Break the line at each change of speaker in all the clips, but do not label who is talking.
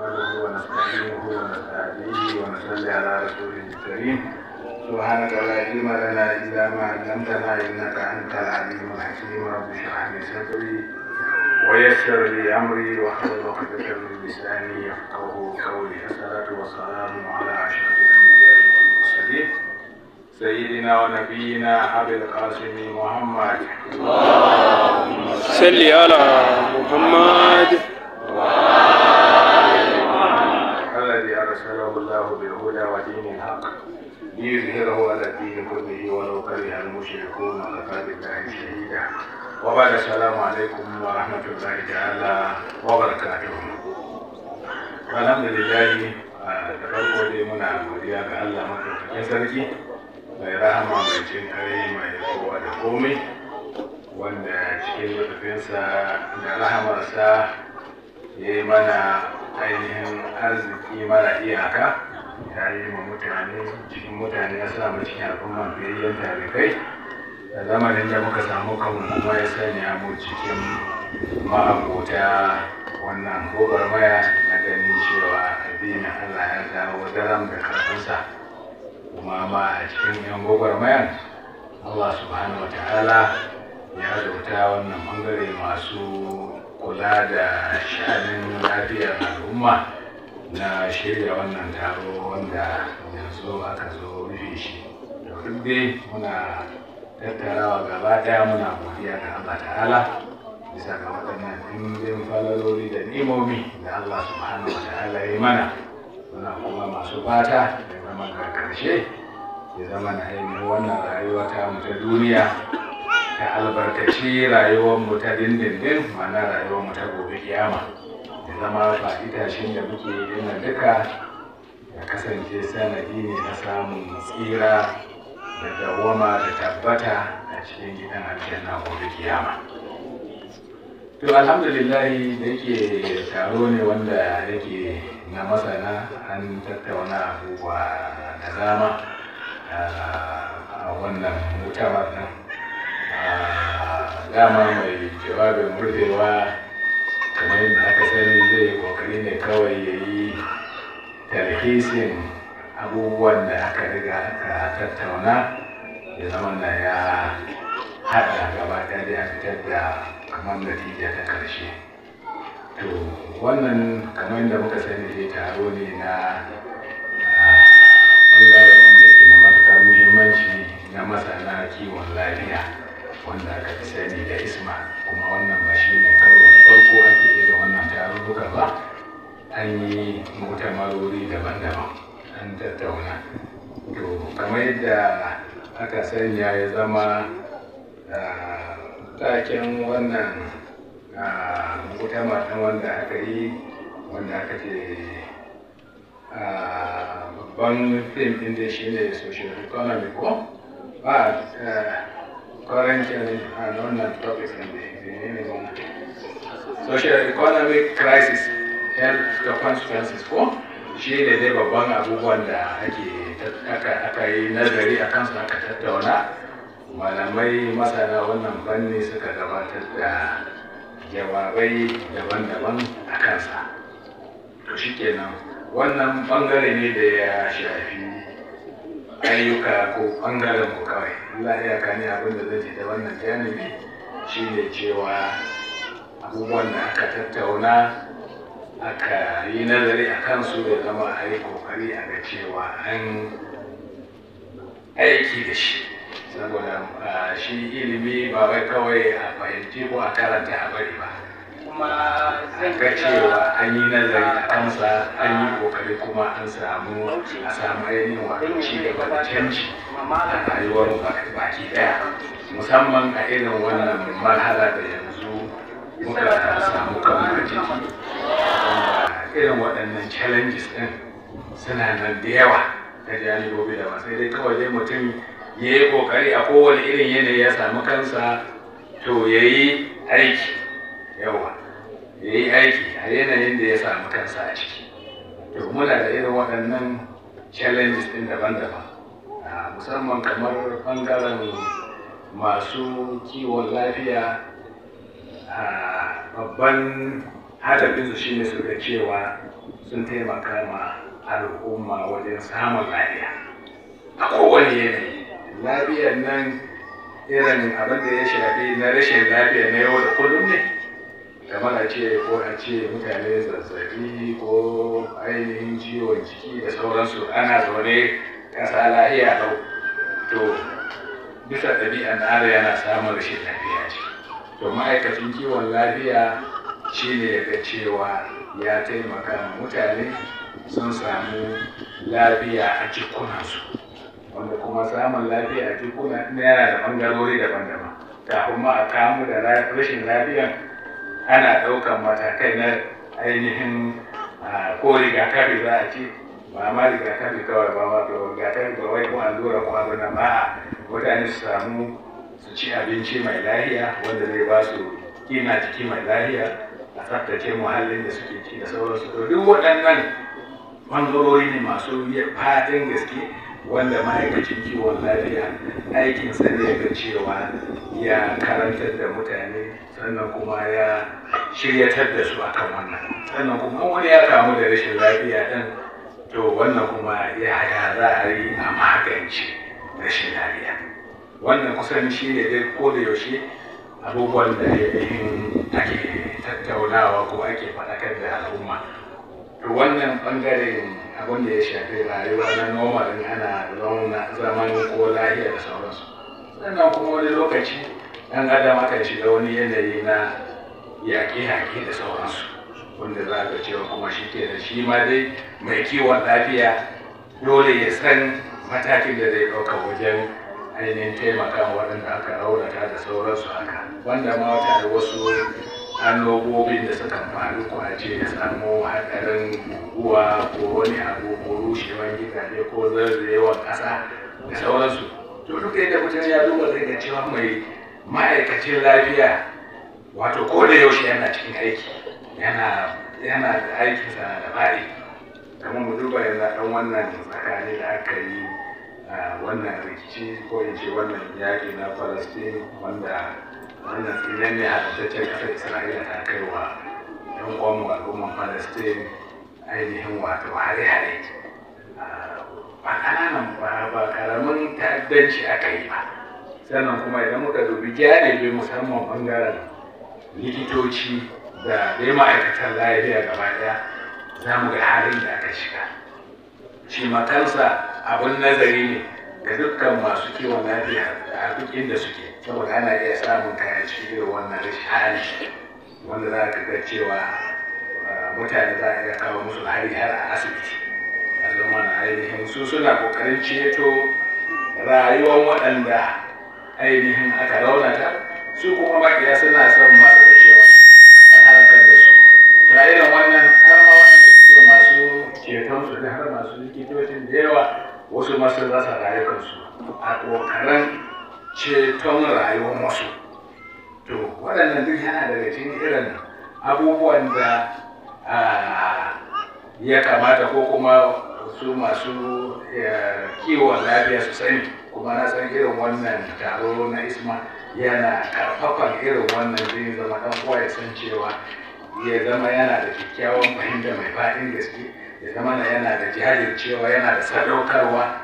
نحمده ونستعينه ونستهديه ونصلي على رسوله الكريم
سبحانك لا علم لنا إلا ما علمتنا إنك أنت العليم الحكيم رب اشرح لي صدري ويسر لي أمري واحلل عقدة من لساني يفقهوا قولي الصلاة والسلام على أشرف الأنبياء والمرسلين سيدنا ونبينا أبي القاسم محمد اللهم
صل على محمد أرسله الله بالهدى ودين الحق
ليظهره على الدين كله ولو كره المشركون وكفى بالله شهيدا وبعد السلام عليكم ورحمة الله تعالى وبركاته الحمد لله da farko muna godiya Allah sarki mai rahama mai jin mai kowa da komai wanda cikin da rahamarsa ya yi mana ainihin arziki mara iyaka ya yi ma mutane cikin mutane ya sa cikin al'umma biyayyen tarikai da zamanin da muka samu kanmu kuma ya sani ya mu cikin ma'abota wannan maya na ganin cewa addinin Allah ya dawo daram da karfinsa kuma ma a cikin yan gwagwarmayar Allah subhanahu wa ta'ala ya zauta wannan bangare masu kula da sha'anin lafiyar al'umma na shirya wannan taro wanda yanzu aka zo rufe shi duk dai muna tattarawa gaba daya muna godiya ga Allah ta'ala bisa ga waɗannan dimbin falaloli da nimomi da Allah subhanahu wa ta'ala ya mana muna kuma masu fata da zama ga ƙarshe ya zama na ainihin wannan rayuwa ta mu ta duniya ta albarkaci rayuwar mu ta dindindin mana rayuwar mu ta gobe kiyama da zama ba itashin da muke yin duka ya kasance sanadi ne na samun tsira da dawama da tabbata a cikin gidan aljanna gobe kiyama to alhamdulillah da yake taro ne wanda yake na masana an tattauna abubuwa da dama ah, a wannan mutawar nan Ah, dama mai jawabin murdewa kamar yadda aka sani zai kokari ne kawai ya yi talhisin abubuwan da aka riga aka tattauna ya zama na ya haɗa gaba ta da ya fitar da kamar natija ta karshe to wannan kamar yadda muka sani zai taro ne na ah, ɓangaren wanda ke na matuƙar muhimmanci na masana kiwon lafiya wanda aka fi sani da isma kuma wannan ba shi ne karo na farko ake da wannan tarurruka ba an yi mutamarori daban-daban an tattauna to kamar yadda aka sanya ya zama ɗakin wannan mutamar na wanda aka yi wanda aka ce babban fim ɗin da shi ne social economy ko ba current and unknown topics in the minimum. Social economic crisis health da consequences ko shi ne dai babban abubuwan da ake aka yi nazari a kansu aka tattauna malamai masana wannan fanni suka gabatar da jawabai daban-daban a kansa to shi kenan wannan bangare ne da ya shafi ayyuka ko ɓangaren ku kawai Allah ya kani abin da zai da wannan janibi shi ne cewa abubuwan da aka tattauna aka yi nazari a kansu da zama a yi kokari a ga cewa an aiki da shi saboda ah, shi ilimi ba wai kawai a fahimci ko a karanta a bari ba kuma zan ga cewa an yi nazari a kansa an yi kokari kuma an samu a samu ainihin ci gaba da canji a rayuwar baki daya musamman a irin wannan marhala da yanzu muka samu kamar ciki irin waɗannan challenges ɗin suna nan da yawa ta janibobi da sai dai kawai dai mutum ya yi kokari a kowane irin yanayi ya samu kansa to ya yi aiki yawa ya yi aiki a yanayin da ya samu kansa a ciki to muna da irin waɗannan challenges ɗin daban-daban ah, musamman kamar ɓangaren masu kiwon lafiya ah, babban su shine su ga cewa sun taimaka ma al'umma wajen samun lafiya a kowane yanayi lafiyar nan irin abin da ya shafi na rashin lafiya na yau da kullum ne kamar a ce ko a ce mutane zazzabi ko ainihin ciwon ciki da sauransu ana zaune ƙasa lahiya lau to bisa ɗabi'an tsara yana samun rashin lafiya ce to ma'aikacin kiwon lafiya shi ne ga cewa ya taimaka mutane sun samu lafiya a jikunansu wanda kuma samun lafiya a jikuna yana da ɓangarori daban-daban kafin ma a kamu da rashin lafiyan ana ɗaukan matakai na ainihin ko rigakafi za a ce ba ma rigakafi kawai ba ma to rigakafi ba wai ko allura ko abu na ba mutane su samu su ci abinci mai lahiya wanda zai ba su kina jiki mai lahiya a tsaftace muhallin da suke ci da sauransu to duk waɗannan ɓangarori ne masu faɗin gaske wanda ma'aikacin kiwon lafiya aikin sa ne ga cewa ya karantar da mutane sannan kuma ya shiryatar da su akan wannan sannan kuma wani ya kamu da rashin lafiya ɗin to wannan kuma ya za a yi a magance rashin lafiya wannan kusan shi ne dai ko da yaushe abubuwan da ake tattaunawa ko ake faɗakar da al'umma to wannan ɓangaren abinda ya shafi rayuwa na normal ana zauna ko lahiya da sauransu sannan kuma wani lokaci ɗan adam akan shiga wani yanayi na yaƙe-yaƙe da sauransu wanda za ka cewa kuma shi ke da shi ma dai mai kiwon lafiya dole ya san matakin da zai ɗauka wajen ainihin taimaka waɗanda aka raunata da sauransu haka wanda ma wata da wasu annobobin da suka faru ko a ce ya samu hadarin guguwa ko wani abu ko rushewar gidaje ko zarzewar ƙasa da sauransu to duk da mutum ya duba zai ga cewa mai ma'aikacin lafiya wato ko da yaushe yana cikin aiki yana yana da aikinsa da bari kuma mu duba yanzu ɗan wannan tsakani da aka yi wannan rikici ko in ce wannan yaƙi na falastin wanda wannan tsinen ne haɗaɗɗen ƙasar isra'ila ta kai wa yan uwanmu al'umman palestine ainihin wato hare-hare ah, ba ƙananan ba ba ƙaramin ta'addanci aka yi ba sannan kuma idan muka dubi gyarabe musamman ɓangaren likitoci da dai ma'aikatan lafiya gaba ɗaya za mu ga halin da aka shiga shi kansa abin nazari ne ga dukkan masu kiwon lafiya a duk inda suke saboda ana iya samun kaya cikin irin wannan rishani wanda za ka ga cewa ah, mutane za a iya kawo musu hari har a asibiti a zama na ainihin su suna kokarin ceto rayuwar waɗanda ainihin aka raunata su kuma bakiya suna son masu da cewa a halakar da su ta wannan har ma wanda suke masu ceton su har masu likitocin da yawa wasu masu rasa rayukansu a kokarin ceton rayuwar masu, to waɗannan duk yana daga cikin irin abubuwan da ya kamata ko kuma su masu kiwon lafiya su sani kuma na san irin wannan taro na isma yana karfafan irin wannan zai zama dan uwa ya san cewa ya zama yana da kyakkyawan fahimta mai faɗin gaske ya zama na yana da cewa yana da sadaukarwa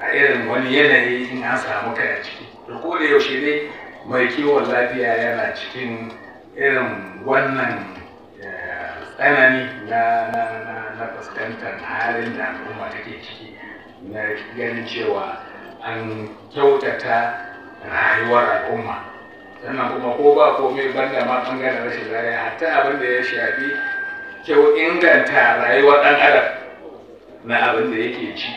a irin wani yanayi in an samu kai a ciki to ko da yaushe ne mai kiwon lafiya yana cikin irin wannan eh, tsanani na fuskantar halin da al'umma take ciki na ganin cewa an kyautata rayuwar al'umma sannan kuma ko ba komai banda ma bangaren rashin lafiya hatta abin da ya shafi kyau inganta rayuwar dan adam na abin da yake ci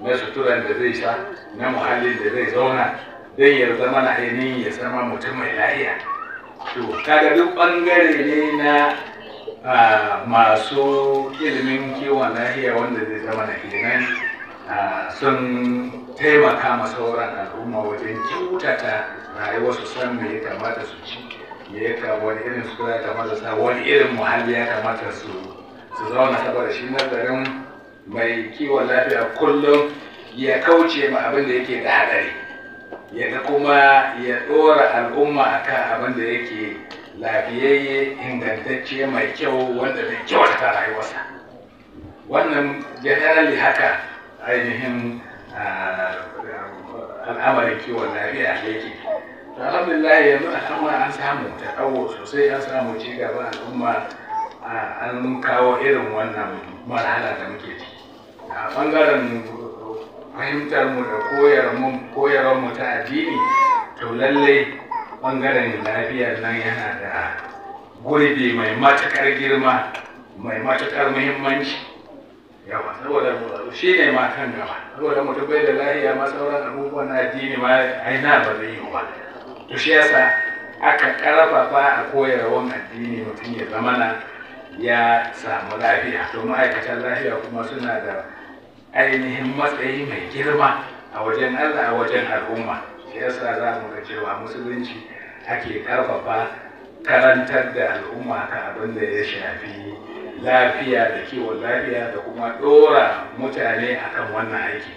na suturan da zai sha na muhallin da zai zauna Zai ya zama na ainihin ya zama mutum mai lafiya to kaga duk ɓangare ne na masu ilimin kiwon lahiya wanda zai zama na kenan sun taimaka ma sauran al'umma wajen kyautata rayuwar su san me ya kamata su ci me ya kamata wani irin su ya kamata sa wani irin muhalli ya kamata su su zauna saboda shi nazarin mai kiwon lafiya kullum ya kauce ma abinda yake da hadari ya kuma ya ɗora al'umma akan abin da yake lafiyayye ingantacce mai kyau wanda zai kyauta rayuwarsa wannan generally haka ainihin al'amarin kiwon lafiya yake alhamdulillah yanzu al'amma an samu ta taɗawo sosai an samu ci gaba al'umma an kawo irin wannan marhala da muke ciki a ɓangaren fahimtar mu da koyarwar mu ta addini to lallai bangaren lafiyar nan yana da gurbi mai matakar girma mai matakar muhimmanci yawa saboda mu shi ne ma kan gaba saboda mu tabbai da lafiya ma sauran abubuwan addini ma aina ba zai yi ba to shi yasa aka karfafa a koyarwar addini mutum ya zamana ya samu lafiya to ma'aikatan lafiya kuma suna da ainihin matsayi mai girma a wajen Allah a wajen al'umma shi yasa za mu ga cewa musulunci ake karfafa karantar da al'umma kan abin da ya shafi lafiya da kiwon lafiya da kuma dora mutane akan wannan aiki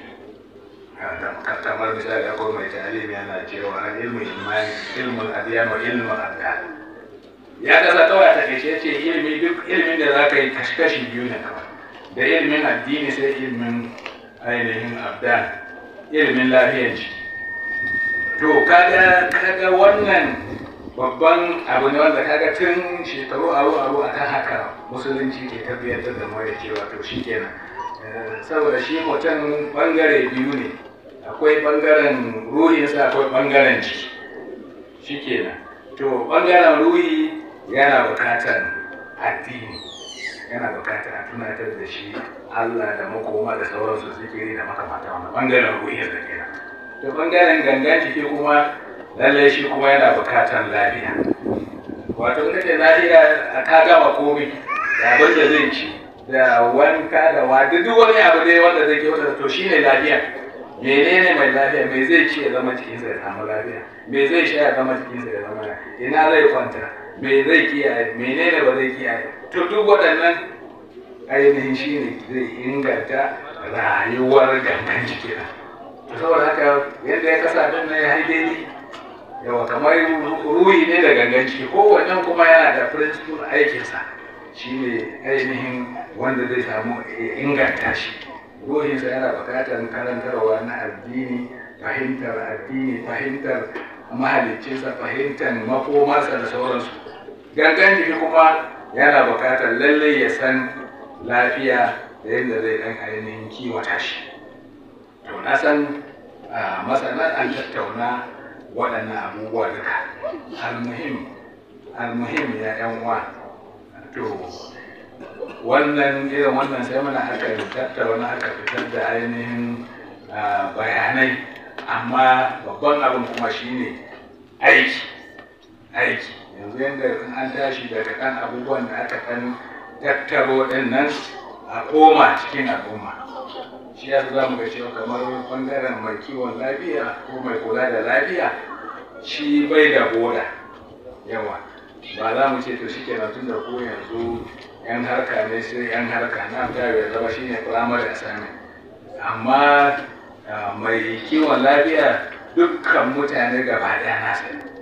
kamar misali akwai mai talibi yana cewa ilmu imani ilmu adiyan wa ilmu ya kasa kawai a takaice ce ilmi duk ilmin da zaka yi kashi kashi biyu ne kawai da ilimin addini sai ilimin ainihin abdan ilimin lafiyar jiki to kaga kaga wannan babban abu ne wanda kaga tun shekaru aro aro a kan haka musulunci ke tafiyar da mu cewa to shi kenan eh, saboda shi mutum bangare biyu ne akwai bangaren ruhinsa akwai bangaren ci, shi kenan to bangaren ruhi yana bukatar addini yana bukatar a tunatar da shi Allah da makoma da sauransu zikiri da makamata wannan bangaren ruhiyar da kenan da bangaren gangan jiki kuma lallai shi kuma yana bukatar lafiya wato ita ce lafiya ka gama komai da abin da zai ci da wanka da da duk wani abu dai wanda zai ke wanda to shine lafiya menene mai lafiya me zai ci ya zama cikin sa ya samu lafiya me zai sha ya zama cikin sa ya zama ina zai kwanta me zai kiyaye menene ba zai kiyaye to duk waɗannan ainihin shi ne zai inganta rayuwar gangan jiki na saboda haka yadda ya kasa don na ya haide ni yawa kamar ruhi ne da gangan jiki kowanne kuma yana da principle aikinsa shi ne ainihin wanda zai samu inganta shi ruhinsa yana bukatar karantarwa na addini fahimtar addini fahimtar mahaliccinsa fahimtar makomarsa da sauransu gangan jiki kuma yana bukatar lallai ya san lafiya da yadda zai dan ainihin kiwata shi to na san masana an tattauna waɗannan abubuwa duka almuhim almuhim ya yan uwa to wannan irin wannan sai mana aka tattauna aka fitar da ainihin bayanai amma babban abin kuma shine aiki aiki yanzu yadda in an tashi daga kan abubuwan da aka ɗan tattaro ɗin nan a koma cikin al'umma shi ya za mu ga cewa kamar ɓangaren mai kiwon lafiya ko mai kula da lafiya shi bai da boda yawa ba za mu ce to shi kenan tun da ko yanzu yan harka ne sai yan harka na ta ya zama shi ne primary assignment amma ah, mai kiwon lafiya dukkan mutane gaba daya na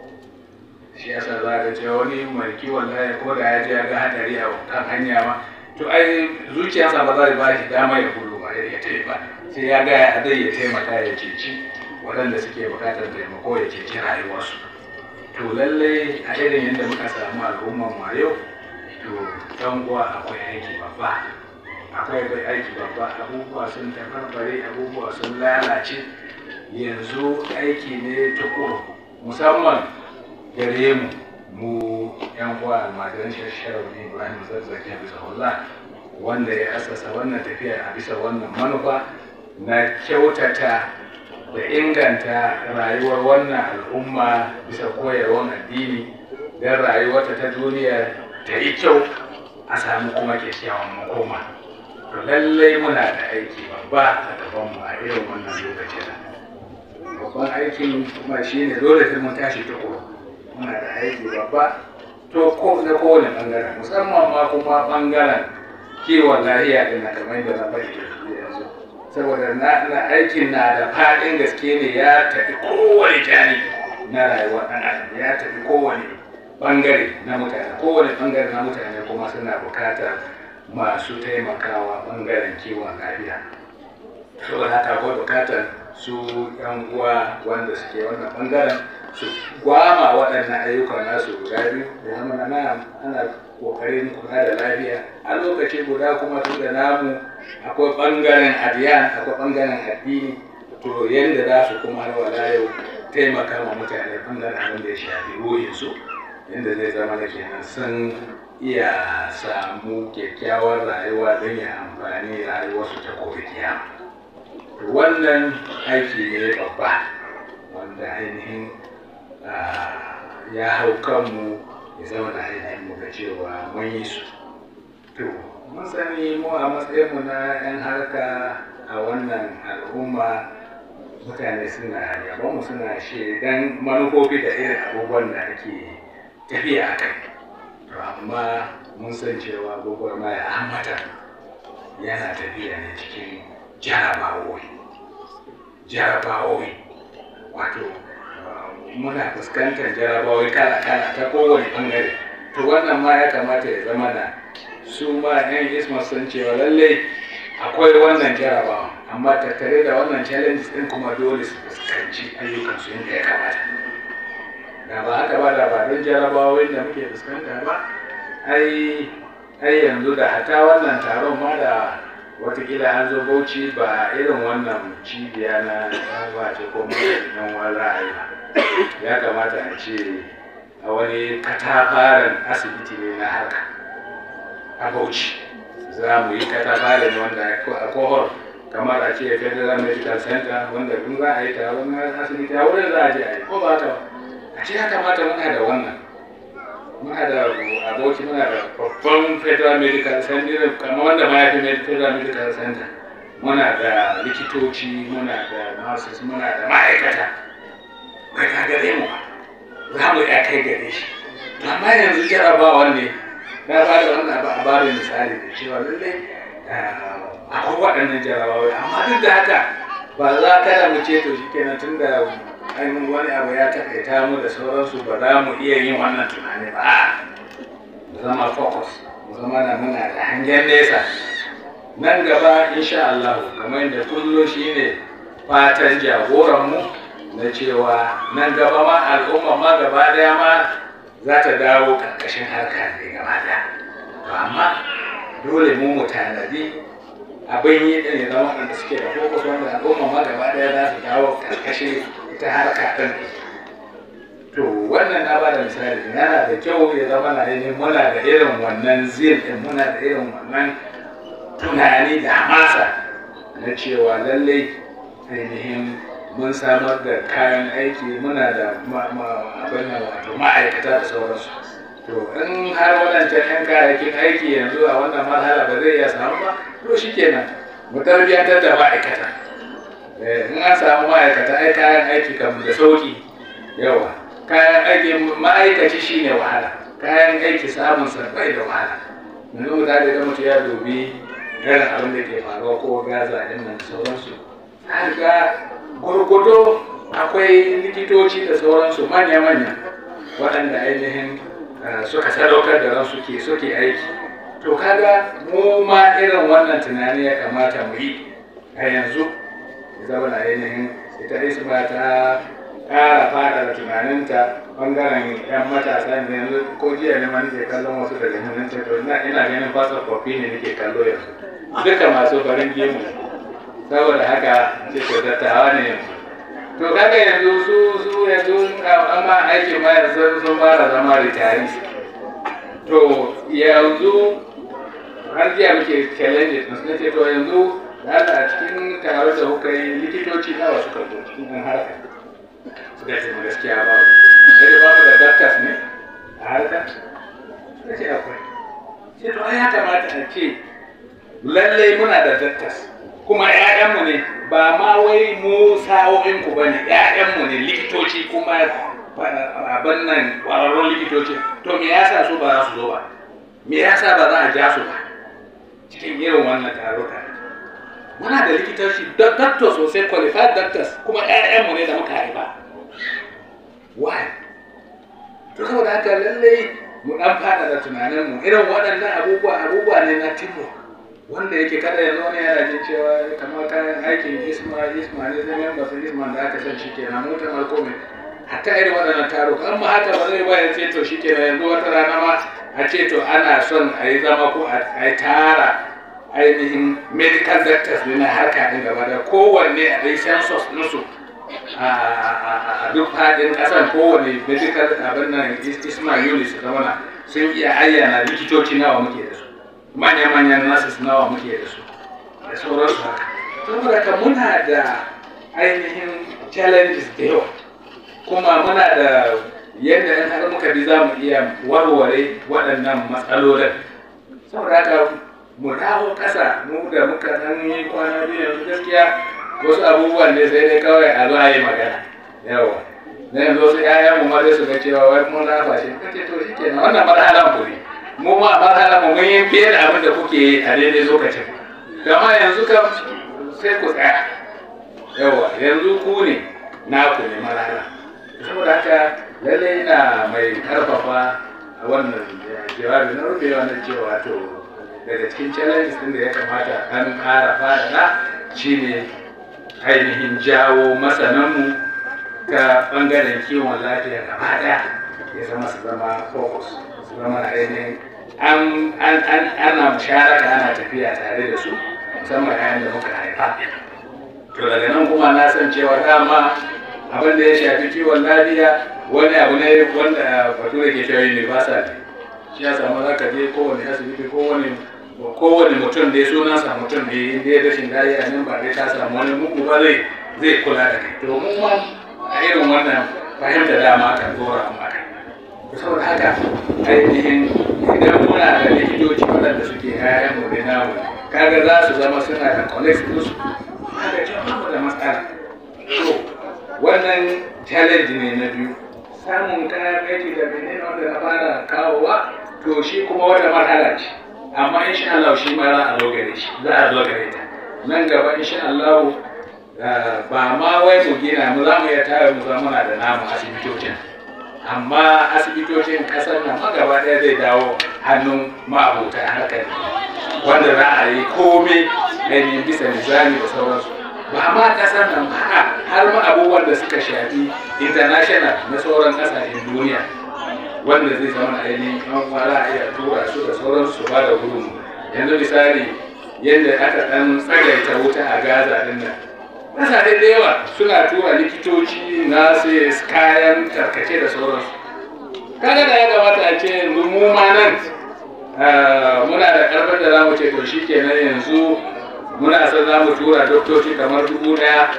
shi sa za ka ce wani mai kiwon lafiya ko da ya je ya ga hadari a kan hanya ma to ai zuciyarsa ba za ba shi dama ya gudu ba ya ba sai ya ga zai ya taimaka ya ceci waɗanda suke buƙatar taimako ya ceci rayuwarsu to lallai a irin yadda muka samu al'umman mu a yau to ɗan uwa akwai aiki babba akwai bai aiki babba abubuwa sun tafarfare abubuwa sun lalace yanzu aiki ne tukuru musamman gare mu mu yan uwa almajiran shasharar ibrahim zazzaki a bisa wallah wanda ya asasa wannan tafiya a bisa wannan manufa na kyautata da inganta rayuwar wannan al'umma bisa koyarwar addini don rayuwarta ta duniya ta yi kyau a sami kuma kyakkyawan makoma lallai muna da aiki babba a gabanmu a irin wannan lokacin babban aikin kuma shine dole sai mun tashi tukuru muna da aiki babba to ko da kowane bangaren musamman ma kuma bangaren kiwon lahiya da na kamar da na bari yanzu saboda na aikin na da faɗin gaske ne ya tafi kowane jani na rayuwar ɗan adam ya tafi kowane bangare na mutane kowane bangare na mutane kuma suna buƙatar masu taimakawa bangaren kiwon lafiya saboda haka akwai buƙatar su yan uwa wanda suke wannan bangaren su gwama waɗannan ayyukan nasu guda biyu da mana ana ana kokarin kula da lafiya a lokaci guda kuma tun da namu akwai ɓangaren adiyan akwai ɓangaren addini to yadda za su kuma wala yau taimaka ma mutane ɓangaren abin da ya shafi su, yadda zai zama da kenan sun iya samu kyakkyawar rayuwa don ya amfani rayuwarsu ta gobe kiyama wannan aiki ne babba wanda ainihin Ah, ya hau kanmu ya zauna a mu ga cewa mun yi
su to
mun sani mu a matsayin mu na 'yan harka a wannan al'umma mutane suna yabon mu suna shi dan manufofi da irin abubuwan da ake tafiya a kai to amma mun san cewa gogor maya hamata yana tafiya ne cikin jarabawoyi jarabawoyi wato muna fuskantar jarabawai kala-kala ta kowane bangare to wannan ma ya kamata ya zama na su ma yan isma sun cewa lallai akwai wannan jarabawa amma tattare da wannan challenges din kuma dole su fuskanci ayyukan su yadda ya kamata da ba haka ba da ba don jarabawoyin da muke fuskanta ba ai ai yanzu da hata wannan taron ma da watakila an zo bauchi ba irin wannan cibiya na ba ce ko mai nan wani ra'ayi ba ya kamata a ce a wani katafaren asibiti ne na harka a bauchi za mu yi katafaren wanda a kohor kamar a ce federal medical center wanda kun za a yi taron wani asibiti a wurin za a je a yi ko ba ta a ce ya kamata muna da wannan muna da aboki muna da babban federal medical center kamar wanda ma ya fi federal medical center muna da likitoci muna da nurses muna da ma'aikata bai gare mu ba za mu ya kai gare shi amma yanzu jarabawan ne na ba da wannan da misali da cewa lallai eh, akwai waɗannan jarabawai amma duk da haka ba za ka da mu ce to shi kenan tun da an wani abu ya takaita mu da sauransu ba za mu iya yin wannan tunani ba mu zama focus mu zama na muna da hangen nesa nan gaba insha Allah kamar yadda shi ne fatan jagoran mu na cewa nan gaba ma al'umma ma gaba daya ma za ta dawo karkashin harka ne gaba da, to amma dole mu mu abin yi ɗin ya zama waɗanda suke da fokus wanda al'umma ma gaba daya za su dawo karkashin ita harka ɗin to wannan na ba da misali yana da kyau ya zama na yi muna da irin wannan zil ɗin muna da irin wannan tunani da hamasa na cewa lallai ainihin mun samar da kayan aiki muna da ma'aikata da sauransu to in har wadancan yan kayayyakin aiki yanzu a wannan marhala ba zai iya samu ba to shi kenan mu tarbiyyantar da ma'aikata eh, in an samu ma'aikata ai kayan aiki kam da sauki yawa kayan aiki ma'aikaci shi ne wahala kayan aiki samun sarfai da wahala Mun yi mutane da mutu ya dubi irin abin da ke faruwa ko gaza din nan sauransu har ga gurgudo akwai likitoci da sauransu manya-manya waɗanda ainihin eh, suka sadaukar da ransu ke suke aiki to kaga mu ma irin wannan tunani ya kamata mu yi a yanzu zama ainihin ita isma ta ƙara fada da tunaninta bangaren yan matasa ne yanzu ko jiya ne mani ke kallon wasu daga hannun to ina ganin fasa kofi ne nake kallo yanzu duka masu farin gemu saboda haka ce ko dattawa ne to kaga yanzu su su yanzu amma aikin ma yanzu sun fara zama ritari to yanzu har jiya muke challenge din sun ce to yanzu da a cikin taro da kuka yi likitoci na wasu zo cikin harkar suka ce gaskiya ba sai ba babu da doctors ne a harkar sai akwai sai to ya kamata a ce lallai muna da doctors kuma ‘ya'yanmu ne ba ma wai mu sa'o'inku ba ne ‘ya'yanmu ne likitoci kuma abin nan ƙwararrun likitoci to me yasa su ba za su zo ba me yasa ba za a ja su ba cikin irin wannan taruka muna da likitoci doctor sosai qualified doctors kuma ‘ya'yanmu ne da muka haifa why to saboda haka lallai mu ɗan fada da tunaninmu irin waɗannan abubuwa abubuwa ne na timur wanda yake kada ya zo ne yana jin cewa kamar kayan aikin isma isma ne zai yan basa isma da aka san shikenan motar A hatta irin waɗannan taruka amma haka ba zai bayan ce to na yanzu wata rana ma a ce to ana son a yi zama ko a yi tara ainihin medical doctors ne na harka ɗin gaba da kowanne a dai census ɗinsu a duk fadin ƙasar kowanne medical abin nan isma yunis zama sun iya ayyana likitoci nawa muke da su manya-manyan nurses nawa muke da su da sauransu haka saboda ka muna da ainihin challenges da yawa kuma muna da yadda in har muka bi za mu iya warware waɗannan matsalolin saboda haka mu dawo ƙasa mu da muka ɗan yi kwana biyu yanzu gaskiya wasu abubuwan ne sai dai kawai a zo a yi magana yawa na yanzu wasu 'ya'yan mu ma zai su ga cewa wai mun lafa shi kace to shi kenan wannan matsalan ku ne mu ma masala mu mun yi fiye da abin da kuke a daidai lokacin gama yanzu kam sai ku tsaya yawa yanzu ku ne na ku ne malala saboda haka lalle yana mai karfafa a wannan jawabi na rufe wannan cewa to daga cikin challenges din da ya kamata an ƙara fara shine ainihin jawo masananmu ta ɓangaren kiwon lafiya gaba ɗaya ya zama su zama focus zama ainihin ana bishara da ana tafiya tare da su musamman yayin da muka haifa to daga nan kuma na san cewa dama abin da ya shafi kiwon lafiya wani abu ne wanda bature ke cewa universal shi ya samu za ka je kowane asibiti kowane kowane mutum da ya sunansa mutum da ya yi rashin lafiya nan ba dai ta samu wani muku ba zai zai kula da kai to mu ma a irin wannan fahimta dama kan zora mu akai saboda haka ainihin idan muna da likitoci waɗanda suke yayan mu da namu kaga za su zama suna da connect musu da jama'a da matsala to wannan challenge ne na biyu samun kayan aiki da menene wanda na fara kawowa to shi kuma wata matsala ce amma insha Allah shi ma za a zo gare shi za a zo gare ta nan gaba insha Allah eh, ba ma wai mu gina mu za mu iya tare mu zama na da namu asibitocin amma asibitocin kasar nan magaba ɗaya zai dawo hannun ma'abotan harkar wanda za a yi komai na bisa nizami da sauransu ba ma kasar nan ba har ma abubuwan da suka shafi international na sauran kasashen duniya wanda zai zama ainihin an fara a iya tura su da sauransu ba da gudunmu yanzu misali yadda aka ɗan tsagaita wuta a gaza din nan mutane da yawa suna tura likitoci na sai kayan tarkace da sauransu kaga da ya gabata a ce mu ma nan eh, muna da karfin da zamu ce to nan yanzu muna son zamu tura doktoci kamar dubu daya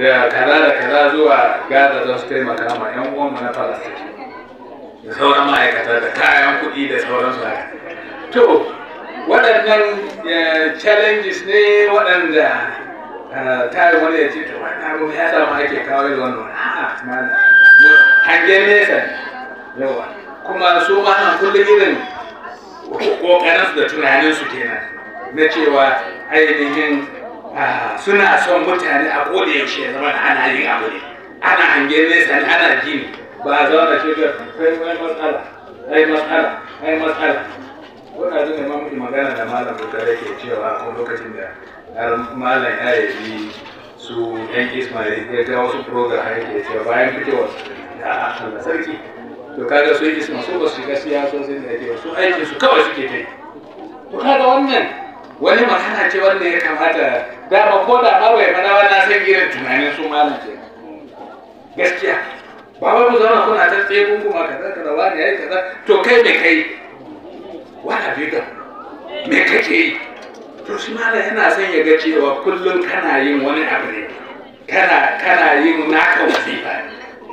da kaza da kaza zuwa gaza za su taimaka ma yan uwanmu na falastin da sauran ma'aikata da kayan kuɗi da sauran su to waɗannan eh, challenges ne waɗanda Eh, ta yi wani ya ce to wannan abu ya samu ake kawo da wani a'a mana hange nesa yawa kuma su ma nan kullum irin kokarinsu da tunaninsu kenan na cewa ainihin ah, suna son mutane a koda yaushe ya zama ana yin abu ne ana hange nesa ana gini ba zauna ce da kai matsala kai matsala kai matsala magana da malam buta da ke cewa a lokacin da malam ya yi su yan ismail ya ga wasu program har yake cewa bayan fitowar da a Allah sarki to kaga su yi isma su ba su shiga siyasosin da ke su aiki su kawai suke kai to kaga wannan wani magana ce wanda ya kamata dama ko da ba ya fada ba na san irin tunanin su malam ke gaskiya ba wai mu zauna kuna ta tsaye kuma kaza kaza wani yayi kaza to kai me kai wani abin me kake yi to shi malam yana son ya ga cewa kullum kana yin wani abu ne kana kana yin naka wasifa ne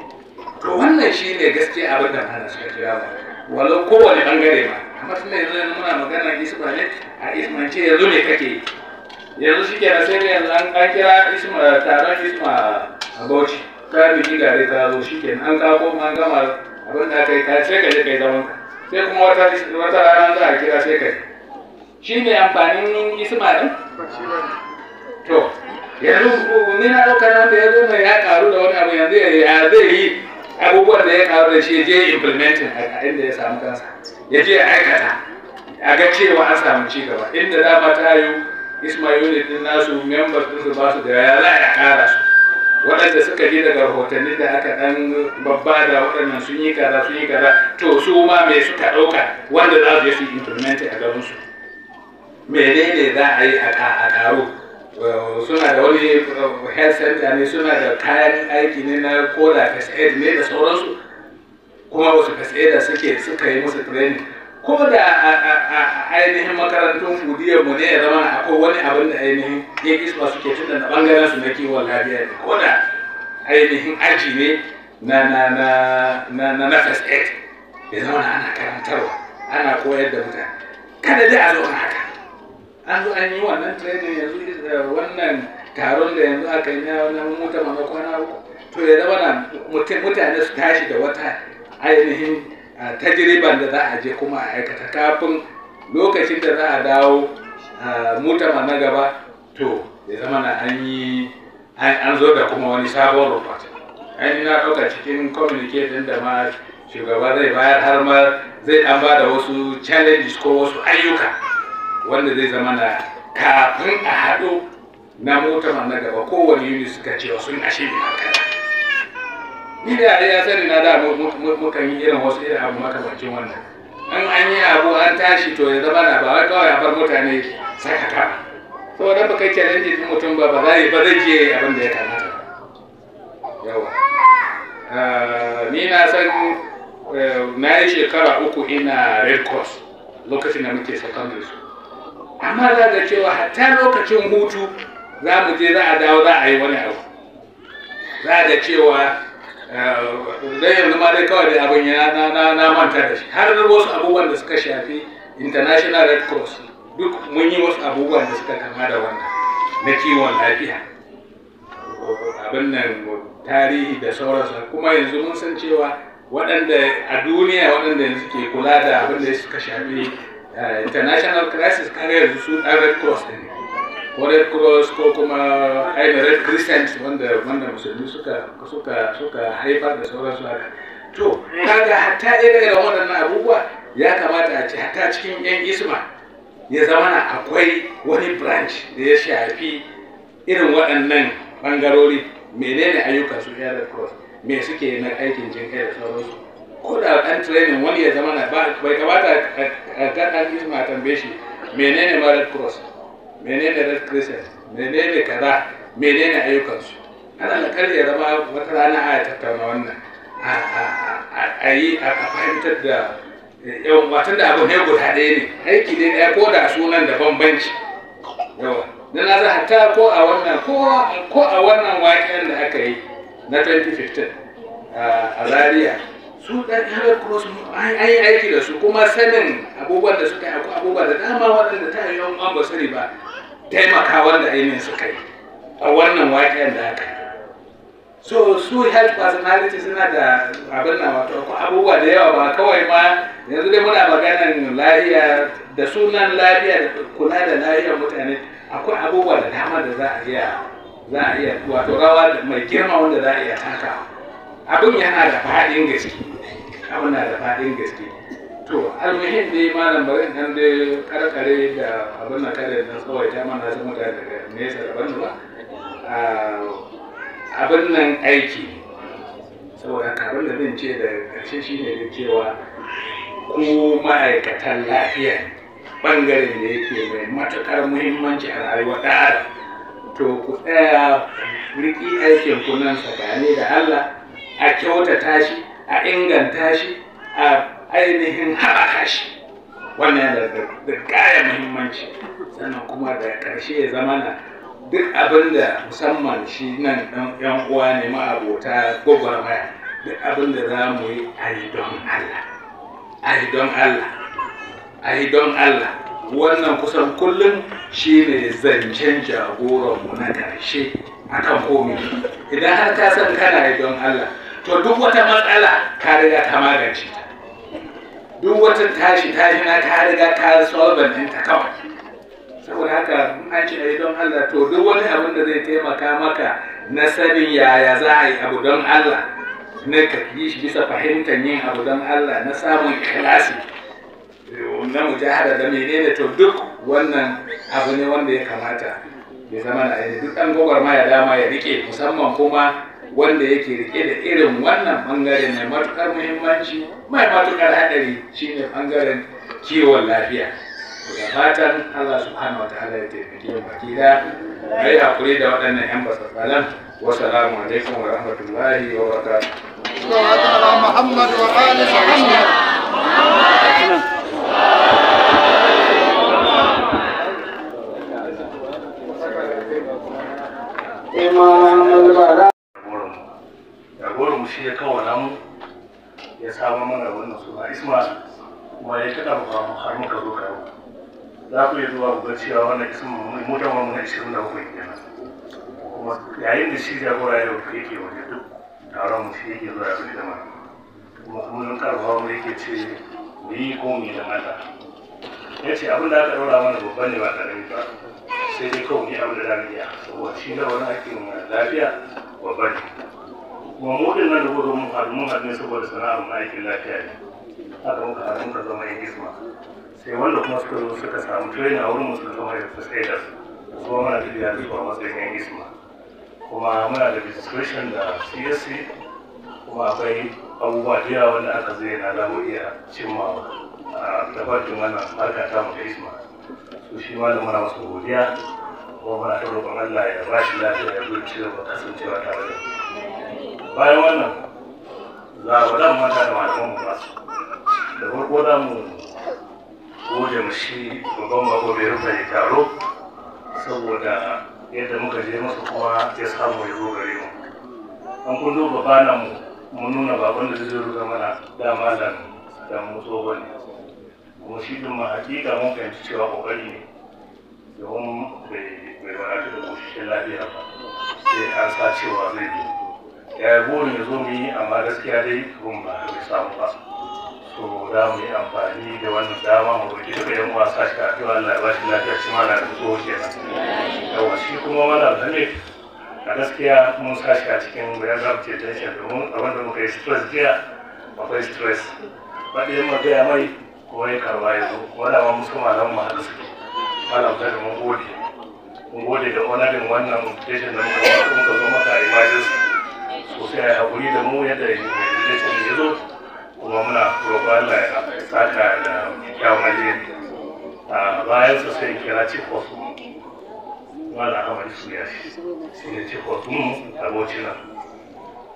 to wannan shi ne gaskiya abin da malam suka kira ba walau kowane bangare ma amma tun da yanzu muna magana isma ne a ismance yanzu ne kake yi yanzu shi ke sai ne yanzu an kira isma taron isma a bauchi ta biki gare ta zo shi ke an kako an gama abin da aka yi ta sai ka je ka yi zaman sai kuma wata rana za a kira sai kai shi mai amfanin Isma'il? to yanzu ni na ɗaukar nan da ya zo mai ya karu da wani abu yanzu ya zai yi abubuwan da ya karu da shi ya je implementing a inda ya samu kansa ya je aikata a ga cewa an samu ci gaba inda za ma ta yi Isma'il din nasu members din su ba su da ya za a kara su waɗanda suka je daga rahotanni da aka ɗan babba da waɗannan sun yi kaza sun yi kaza to su ma me suka ɗauka wanda za su je su implementing a garinsu menene za a yi a ƙaro suna da wani uh, health center ne suna da kayan aiki ne na koda fasaid ne da sauransu kuma wasu fasaida suke suka yi musu training ko da a ainihin makarantun kudiyar mu ne ya zama akwai wani abin da ainihin ya kisba suke tunda da bangaren su na kiwon lafiya ne ko da ainihin aji ne na na na na na first ya zama ana karantarwa ana koyar da mutane kada dai a zo haka an zo an yi wannan training yanzu eh, wannan taron da yanzu aka yi na mota mama kwana to ya zama na mutane su tashi da wata ainihin tajiriban da za a je kuma a aikata kafin lokacin da za a dawo mota na gaba to ya zama na an yi an zo da kuma wani sabon report an yi na ɗauka cikin communication da ma shugaba zai bayar har ma zai an ba da wasu challenges ko wasu ayyuka wanda zai zama na kafin a haɗo na motar na gaba kowane yuni suka ce wasu a ashe ne haka ni da ya sani na da mukan yi irin wasu irin abu makamancin wannan in an yi abu an tashi to ya zama na ba wai kawai a bar mutane sakata so ba kai challenge din mutum ba ba zai ba zai je abin da ya kamata yawa ah, ni na san eh, na yi shekara uku ina red cross lokacin da muke secondary school amma za ga cewa hatta lokacin hutu za mu je za a dawo za a yi wani abu za ga cewa zai eh, yanzu ma dai kawai da abin ya na manta da shi har wasu abubuwan da suka shafi international red cross duk mun yi wasu abubuwan da suka kama da wannan na kiwon lafiya abin nan tarihi da sauransu kuma yanzu mun san cewa waɗanda a duniya waɗanda ke kula da abin da suka shafi Eh, international crisis kan yanzu su ɗan red cross ne ko red cross ko kuma ainihin red crescent wanda wanda musulmi suka suka suka haifar da sauransu haka to kaga hatta irin waɗannan abubuwa ya kamata a ce hatta cikin yan isma ya zama akwai wani branch da ya shafi irin waɗannan bangarori menene ayyukan su red cross me suke na aikin jin kai da sauransu ko da ɗan training wani ya zama na bai kamata ka ɗan a tambaye shi menene ma red cross menene red crescent menene kaza menene ayyukansu ana da karya zama wata rana a tattauna wannan a yi a fahimtar da yawan watan da abu ne guda ɗaya ne aiki ne ɗaya ko da sunan da bambanci yawa na na za hatta ko a wannan ko a wannan waƙen da aka yi na 2015 a zariya su ɗan cross an yi aiki da su kuma sanin abubuwan da suka yi akwai abubuwa da dama waɗanda ta yi yawan ba sani ba taimaka wanda ainihin suka yi a wannan waƙen da aka yi so su health personality suna da abin na wato abubuwa da yawa ba kawai ma yanzu dai muna maganar lafiya da sunan lafiya da kula da lafiyar mutane akwai abubuwa da dama da za a iya za a iya wato rawa mai girma wanda za a iya takawa abin yana da faɗin gaske abin na da faɗin gaske to almuhim dai malam bari dan da karkare da abin na kada nan ta mana su mutane daga nesa daban ba ah, abin nan aiki saboda abin da zan ce da ƙarshe ne da cewa ko ma'aikatan lafiya bangaren da yake mai matuƙar muhimmanci a rayuwar ɗan to ku tsaya riƙi aikin kunan tsakani da Allah a kyautata shi a inganta shi a ainihin haɓaka shi wannan da ƙaya muhimmanci sannan kuma da ƙarshe ya zama na duk abin da musamman shi nan yan uwa ne ma'abota maya. duk abin da za mu yi a don Allah a don Allah a don Allah wannan kusan kullum shi ne zancen jagoranmu na ƙarshe akan komi idan har ka san kana yi don Allah to duk wata matsala ka riga ta magance ta duk wata tashi tashi na ta riga ta solvent ta kawai saboda haka in an ce don Allah to duk wani abin da zai taimaka maka na sanin yaya za a yi abu don Allah na ka yi shi bisa fahimtar yin abu don Allah na samun ikhlasi na mujahada da menene to duk wannan abu ne wanda ya kamata ya zama na duk dan gwagwarmaya dama ya rike musamman kuma wanda yake rike da irin wannan bangare mai matukar muhimmanci mai matukar hadari shine bangaren kiwon lafiya da fatan Allah subhanahu wa ta'ala ya taimake mu baki da ai hakuri da waɗannan yan basalan wa salamu alaikum wa rahmatullahi wa barakatuh wa Muhammad wa ali Muhammad
Imam shi ya kawo namu ya samu mana wannan suna isma kuma ya kada mu ba har muka zo kawo za ku iya zuwa ga cewa wannan isma mu da mu na yi kenan kuma yayin da shi jagora ya rufe yake wani duk taron mu shi yake zuwa ya da mana kuma kullum karfafa mu yake ce mu yi ko mu da mata ya ce abin da aka daura mana babban ne ba ƙarami ba sai dai kawai ni abin da za mu iya saboda shi na wani hakkin lafiya babban ne wa mu din nan da gozo mun haɗu mun ne saboda sana'ar mun aikin lafiya ne haka muka haɗu muka zama yin isma sai wanda kuma suka zo suka samu training a wurin mu suka zama da sai da su kuma muna jirgin su a matsayin yan isma kuma muna da registration da csc kuma akwai abubuwa jiya wanda aka zai na zamu iya cimma a tabbacin wannan harka ta mu da isma su shi ma da muna masu godiya kuma muna ta roƙon Allah ya ba shi lafiya ya gurci da kasancewa tare da bayan wannan za a wadda mata da malaman mu ba da farko za mu gode mu shi babban mako bai rufe ne taro saboda yadda muka je masa kuma ya samu ya zo gare mu an kun zo babba na mu mun nuna baban da zai rufe mana dama da da mu ba ne kuma shi din ma hakika mun fahimci cewa kokari ne domin bai bai da koshin lafiya ba sai an sa cewa zai zo ya yi burin ya zo mu yi amma gaskiya dai abin ba bai samu ba so za mu yi amfani da wannan dama mu roƙi duka yan uwa sa shi kafin Allah ya ba shi lafiya shi ma na da tsoho kenan yawa shi kuma wani zane. a gaskiya mun sa shi a cikin bayan za mu ce tension domin abin da muka yi stress jiya akwai stress ba ɗaya mu gaya mai ko ya karuwa ya zo kuma da ma musu malam mu haɗu suke malam ta da mun gode mun gode da onarin wannan mutation da muka zo maka a emergency ko sai ya haƙuri da mu yadda ya zo kuma muna roƙo Allah ya saka da kyawun alheri a bayan sa sai kira chief of wala Ahmad Suya shi ne chief of mu a Bauchina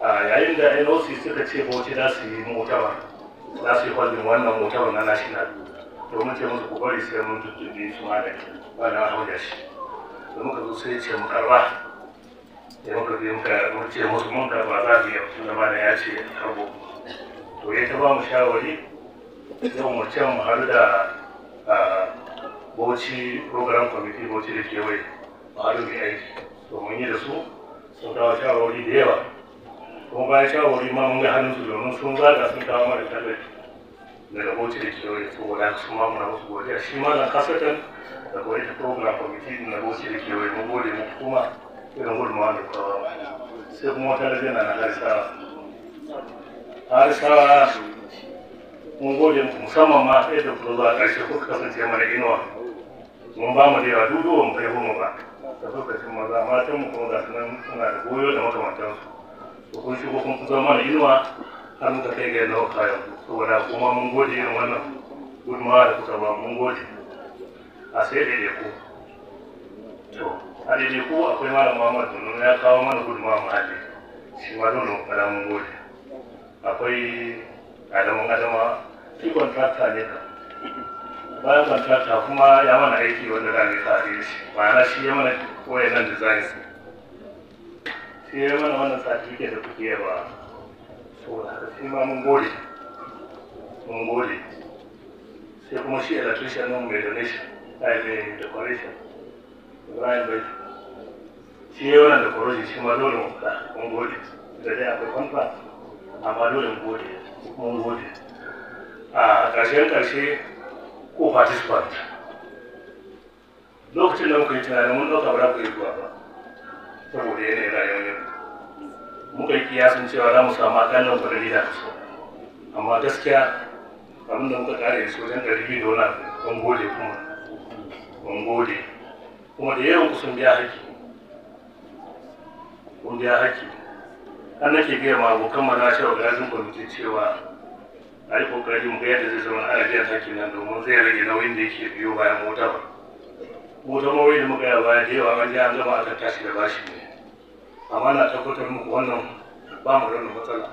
a yayin da NOC suka ce Bauchi za su yi mutawa za su yi holding wannan mutawa na national domin ce musu kokari sai mun tuttuɓe su ma da wala Ahmad shi da ka zo sai ce mu karba da muka je muka wuce musu mun ba za su yi tun da ya ce karbo to ya ta mu shawari yau mu ce mu haɗu da bauchi program committee bauchi da kewaye mu haɗu mai aiki to mun yi da su sun kawo shawari da yawa kuma bayan shawari ma mun ga hannun su domin sun zaga sun kawo mara tallafi daga bauchi da kewaye to wala su ma muna musu godiya shi ma na kasatan da kawai ta program committee na bauchi da kewaye mun gode muku kuma irin gudunmawa da kowa sai kuma wata na mun gode musamman ma sai da kuma zuwa ƙarshe kuka kasance mana inuwa mun ba mu da yawa duk kai mu ba da lokacin maza matan mu kuma nan suna da goyo da to kun shigo kun kusa mana inuwa har muka kai ga yanawa kayan saboda kuma mun gode irin wannan gudunmawa da kuka ba mun gode a sai da to a daidai ko akwai malam Muhammad Dunun ya kawo mana gudu gudunmawa muhalli shi ma dole mu fara mun gode akwai adamun adama shi kontrakta ne ka bayan kontrakta kuma ya mana aiki wanda za mu yi tsari shi na shi ya mana koya nan design shi ya mana wannan certificate da kuke ba saboda haka shi ma mun gode mun gode sai kuma shi electrician nan mai donation da decoration Ibrahim Bai shi ne wannan da koroji shi ma dole mu faɗa mun gode da dai akwai kwanta amma dole mu gode mun gode a ƙarshen ƙarshe ko participant lokacin da muka yi tunanin mun ɗauka ba za ku yi zuwa ba saboda yanayin rayuwar yau muka yi kiyasin cewa za mu samu akalla kwanani da ka so amma gaskiya abin da muka ƙara yanzu wajen ɗari biyu da wani abu ban gode kuma ban gode kuma da yawan kusan biya haƙƙi kungiya haki an nake gaya ma abokan mana cewa gazin kwamitin cewa a yi kokari mu ga yadda zai zama ana biyan haƙƙin nan domin zai rage nauyin da yake biyo bayan mota ba mota mawai da muka yi baya da yawa an ji an zama a tashi da bashi ne amma na tabbatar muku wannan ba mu rana matsala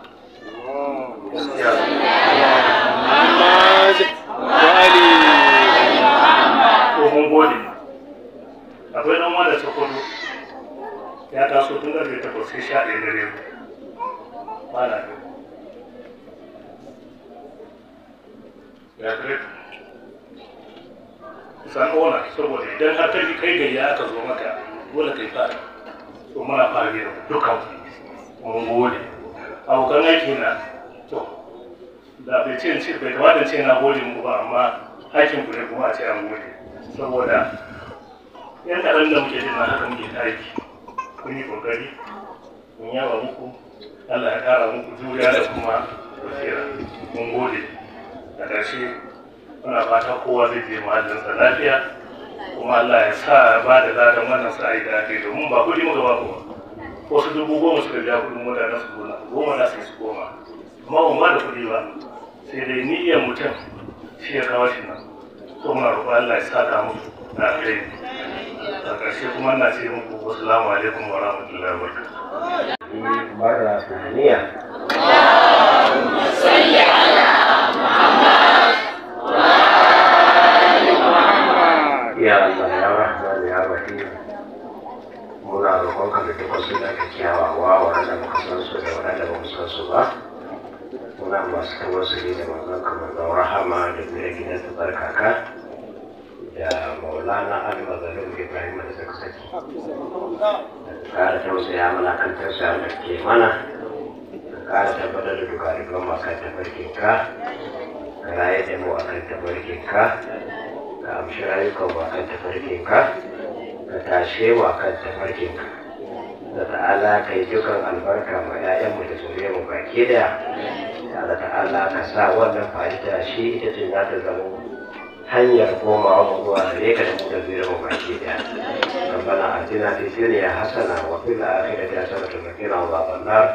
Akwai ɗan wanda ta kwado ya taso tun ƙarfe takwas sai sha ɗaya dare ba na ya kare san ona saboda idan har kai kai ya aka zo maka dole kai fara to muna fara ne dukkan mun gode abokan aiki na to da bai ce ce bai kamata ce na gode mu ba amma hakin ku ne kuma a ce an gode saboda yan kaɗan da muke jin na haka muke aiki kun yi kokari in yaba muku Allah ya kara muku juriya da kuma basira mun gode da ƙarshe muna fata kowa zai je mahallinsa lafiya kuma Allah ya sa ba da ladan wannan sa'ai da kai yi domin ba kuɗi muka ba ku ba wasu dubu goma suka biya kuɗin na su gona goma na sai su koma amma ban ba da kuɗi ba sai dai niyyar mutum shi ya kawo shi nan kuma muna roƙon Allah ya saka muku na kai a ƙarshe kuma na ce muku Wassalamu alaikum wa rahmatullahi wa barakatuh. Muhammad. ya ya Muna roƙon ka da dukkan suna ka kiyawawa muka san su da ba mu san su ba. Muna masu da manzon kamar rahama da gidan gidansa barkaka. da maulana ahmad zalur ibrahim da suka saki kara tausaya mana kan tausaya da ke mana kara tabbatar da duka-dukan masu tabarkin ka raye da mu akan tabarkin ka ka amshi rayukan mu akan ka ka tashe mu akan tabarkin da ta'ala kai dukan albarka ma 'ya'yanmu da zuriya mu baki daya da ta'ala ka sa wannan fa'ida shi ita ce za ta zama hanyar koma abubuwa da ya kashe da zira ba ke da ɗanɓana a cina ta shi ya hasana wa fi da aka yi ta da tafi na wa ɓannar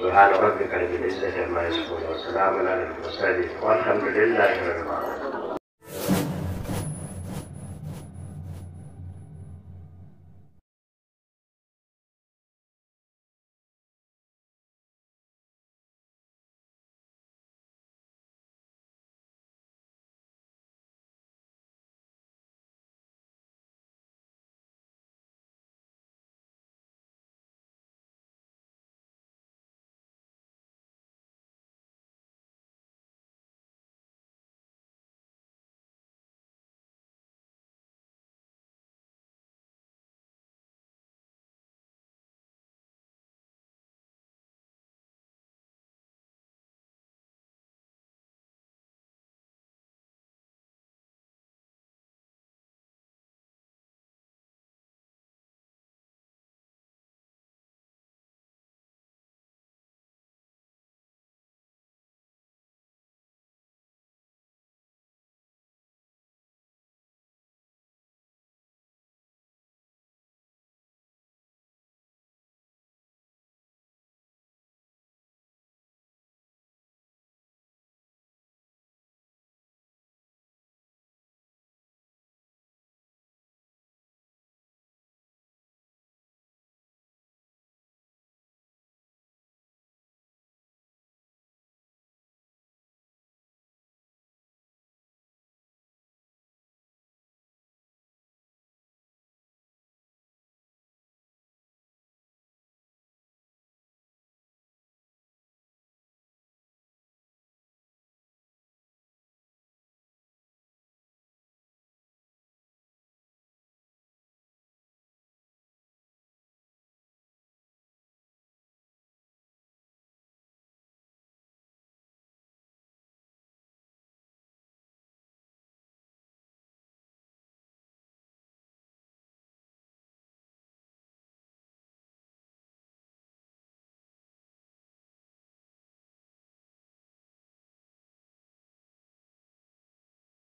su hana wadda karbi da wasu ramunan da kuma sadi alhamdulillah